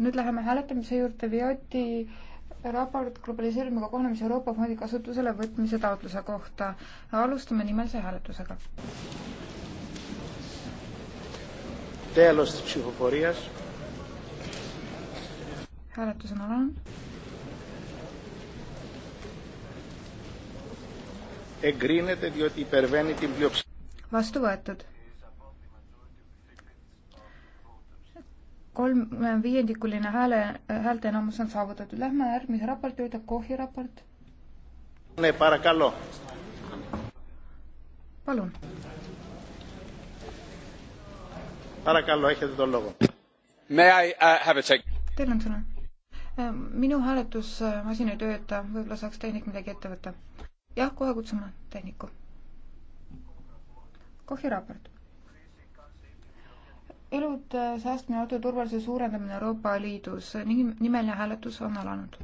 nüüd läheme hääletamise juurde Vioti raport globaliseerimisega kohanemise Euroopa Fondi kasutusele võtmise taotluse kohta. alustame nimelise hääletusega. hääletus on alanud. Εγκρίνεται διότι υπερβαίνει την πλειοψηφία. Vastu võetud. kolm viiendikuline hääle, häälteenamus on saavutatud. Lähme järgmise raporti juurde, Kohi raport. palun. Uh, Teil on sõna. Äh, minu hääletusmasin ei tööta, võib-olla saaks tehnik midagi ette võtta. jah, kohe kutsume tehniku. Kohi raport elud äh, säästmine, autoturvalisuse suurendamine Euroopa Liidus ning nimeline hääletus on alanud.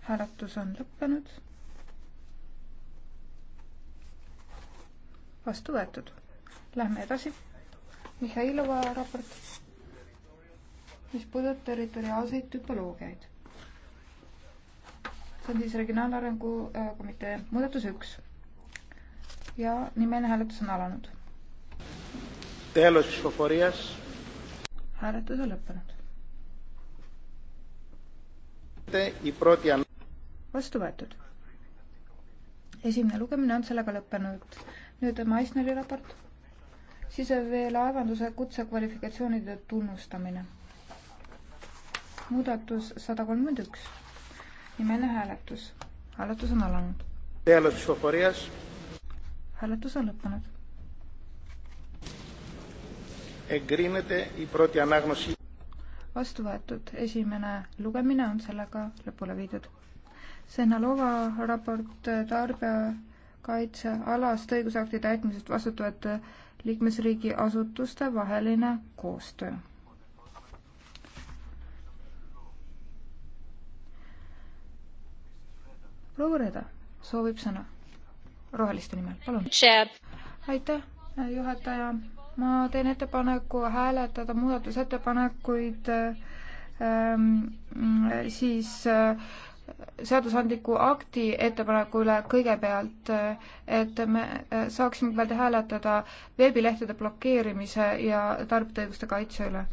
hääletus on lõppenud. vastu võetud. Lähme edasi. Mihhailova raport, mis puudutab territoriaalseid tüpoloogiaid see on siis Regionaalarengu äh, Komitee muudatus üks. ja nimeline hääletus on alanud. hääletus on lõppenud. vastu võetud. esimene lugemine on sellega lõppenud. nüüd Maisneri raport. siseveelaevanduse kutsekvalifikatsioonide tunnustamine. muudatus sada kolmkümmend üks nimeline hääletus. hääletus on alanud. hääletus on lõppenud. vastu võetud esimene lugemine on sellega lõpule viidud. Senalova raport eh, tarbijakaitsealast õigusaktide täitmisest vastutavate liikmesriigi asutuste vaheline koostöö Looreda soovib sõna roheliste nimel, palun. aitäh, juhataja. ma teen ettepaneku hääletada muudatusettepanekuid ähm, siis äh, seadusandliku akti ettepaneku üle kõigepealt, äh, et me äh, saaksime veel hääletada veebilehtede blokeerimise ja tarbijate õiguste kaitse üle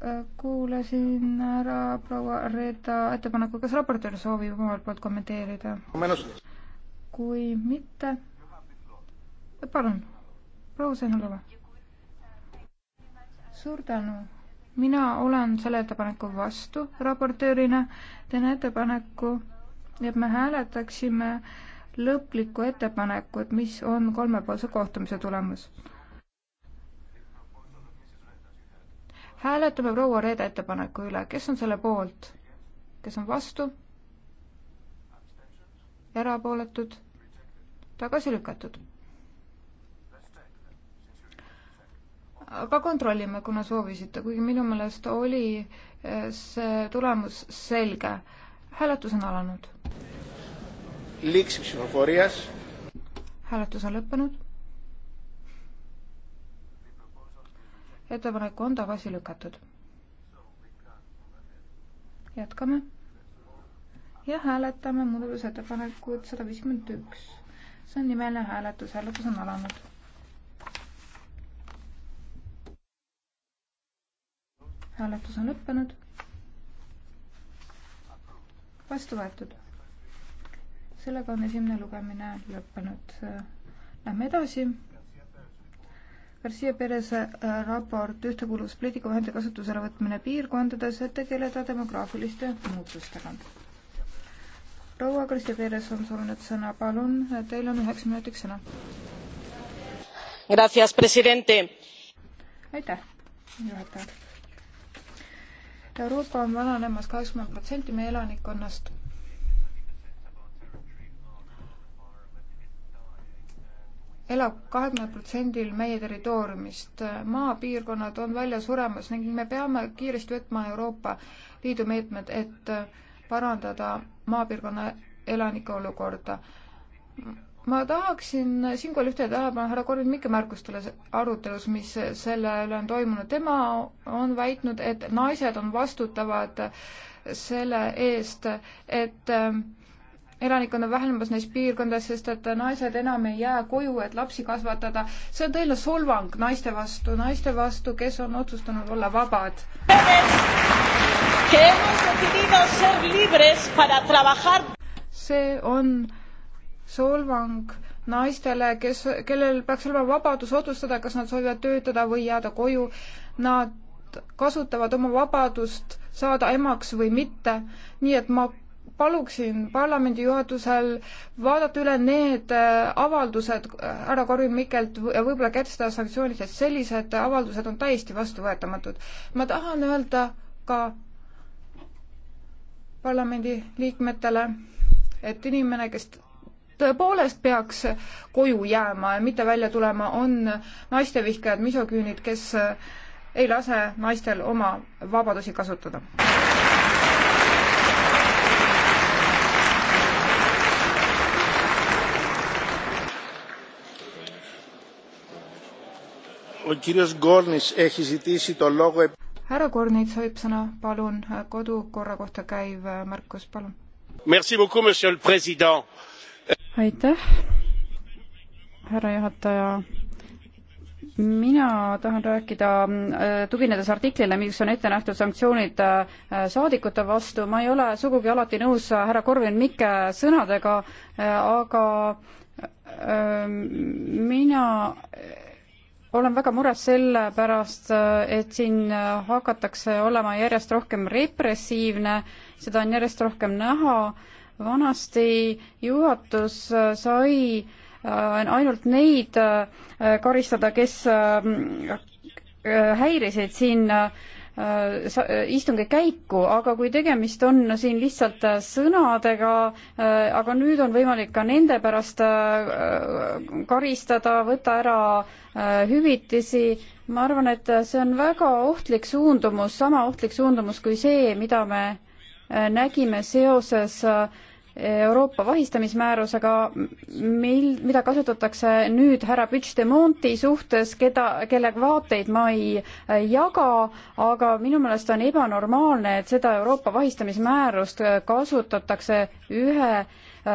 Äh, kuulasin ära proua Reeda ettepaneku, kas raportöör soovib omalt poolt kommenteerida? kui mitte, palun, proua Sõnulova. suur tänu. mina olen selle ettepaneku vastu raportöörina. teen ettepaneku, et me hääletaksime lõplikku ettepanekut, mis on kolmepoolse kohtumise tulemus hääletame proua Reede ettepaneku üle, kes on selle poolt, kes on vastu, erapooletud, tagasi lükatud. aga kontrollime, kuna soovisite, kuigi minu meelest oli eh, see tulemus selge. hääletus on alanud. hääletus on lõppenud ettepanek on tagasi lükatud. jätkame ja hääletame muudatusettepanekut sada viiskümmend üks. see on nimeline hääletus, hääletus on alanud. hääletus on lõppenud. vastu võetud. sellega on esimene lugemine lõppenud. Lähme edasi Garcia Perese äh, raport Ühtekuuluvuspoliitika vahendite kasutusele võtmine piirkondades, et tegeleda demograafiliste muutustega. proua Garcia Perez on soovinud sõna, palun, teil on üheks minutiks sõna. aitäh, juhataja. Euroopa on vananemas kaheksakümmend protsenti meie elanikkonnast elab kahekümnel protsendil meie territooriumist. maapiirkonnad on välja suremas ning me peame kiiresti võtma Euroopa Liidu meetmed, et parandada maapiirkonna elanike olukorda. ma tahaksin siinkohal ühte tähelepanu härra Korin Mikke märkustele arutelus, mis selle üle on toimunud. tema on väitnud, et naised on vastutavad selle eest, et äh, elanikkond on vähenemas neis piirkondades, sest et naised enam ei jää koju, et lapsi kasvatada. see on tõeline solvang naiste vastu, naiste vastu, kes on otsustanud olla vabad. see on solvang naistele, kes, kellel peaks olema vabadus otsustada, kas nad soovivad töötada või jääda koju. Nad kasutavad oma vabadust saada emaks või mitte. nii et ma paluksin parlamendi juhatusel vaadata üle need äh, avaldused äh, härra Korvin Mikkelt ja võib-olla kehtestada sanktsioonid, sest sellised avaldused on täiesti vastuvõetamatud. ma tahan öelda ka parlamendi liikmetele, et inimene, kes tõepoolest peaks koju jääma ja mitte välja tulema, on naistevihkajad, misoküünid, kes äh, ei lase naistel oma vabadusi kasutada. härra Kornits soovib sõna, palun, kodukorra kohta käiv äh, märkus, palun. aitäh, härra juhataja mina tahan rääkida, äh, tuginedes artiklile, mis on ette nähtud sanktsioonid äh, saadikute vastu, ma ei ole sugugi alati nõus härra Korvin Mikke sõnadega, aga mina olen väga mures selle pärast, et siin hakatakse olema järjest rohkem repressiivne, seda on järjest rohkem näha. vanasti juhatus sai äh, ainult neid äh, karistada, kes äh, häirisid siin äh, Äh, äh, istungi käiku, aga kui tegemist on siin lihtsalt äh, sõnadega, aga nüüd on võimalik ka nende pärast karistada, võtta ära hüvitisi, ma arvan, et see on väga ohtlik suundumus, sama ohtlik suundumus kui see, mida me nägime seoses äh, Euroopa vahistamismäärusega, mil, mida kasutatakse nüüd härra Puigdemonti suhtes, keda, kelle vaateid ma ei jaga, aga minu meelest on ebanormaalne, et seda Euroopa vahistamismäärust kasutatakse ühe äh,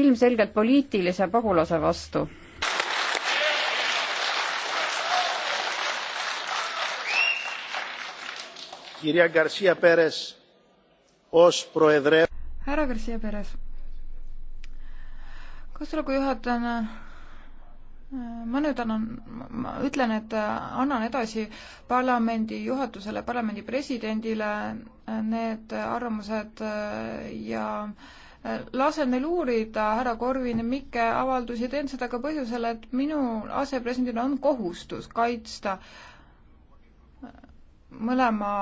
ilmselgelt poliitilise pagulase vastu. Kirja Garcia Perez, os proedre härra Garcia Perez. koosoleku juhatajana äh, ma nüüd annan, ma ütlen, et äh, annan edasi parlamendi juhatusele, parlamendi presidendile äh, need arvamused ja lasen neil uurida härra Korvin Mikke avaldusi, teen seda ka põhjusel, et minu asepresidendil on kohustus kaitsta mõlema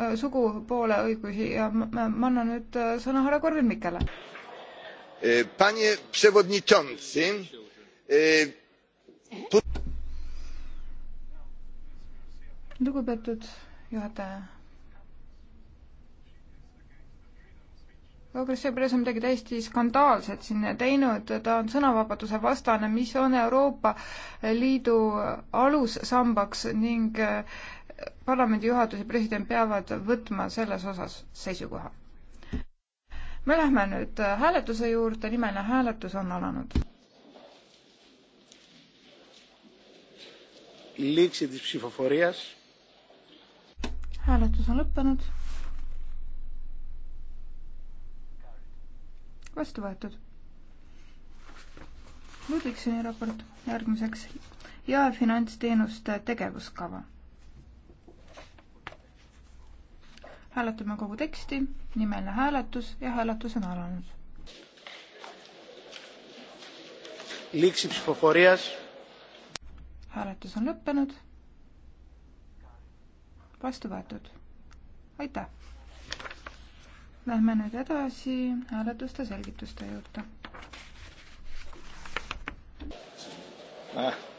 Äh, sugupoole õigusi ja ma, ma annan nüüd äh, sõna härra Korvin Mikkele. E, panie przewodniczący eh,. lugupeetud juhataja. Progressive Press on midagi täiesti skandaalset siin teinud, ta on sõnavabaduse vastane, mis on Euroopa Liidu alussambaks ning äh, parlamendi juhatus ja president peavad võtma selles osas seisukoha. me lähme nüüd äh, hääletuse juurde, nimeline hääletus on alanud. hääletus on lõppenud. vastu võetud. Ludvigsoni raport järgmiseks ja finantsteenuste tegevuskava hääletame kogu teksti, nimeline hääletus ja hääletus on alanud. hääletus on lõppenud. vastu võetud. aitäh. Lähme nüüd edasi hääletuste selgituste juurde ah..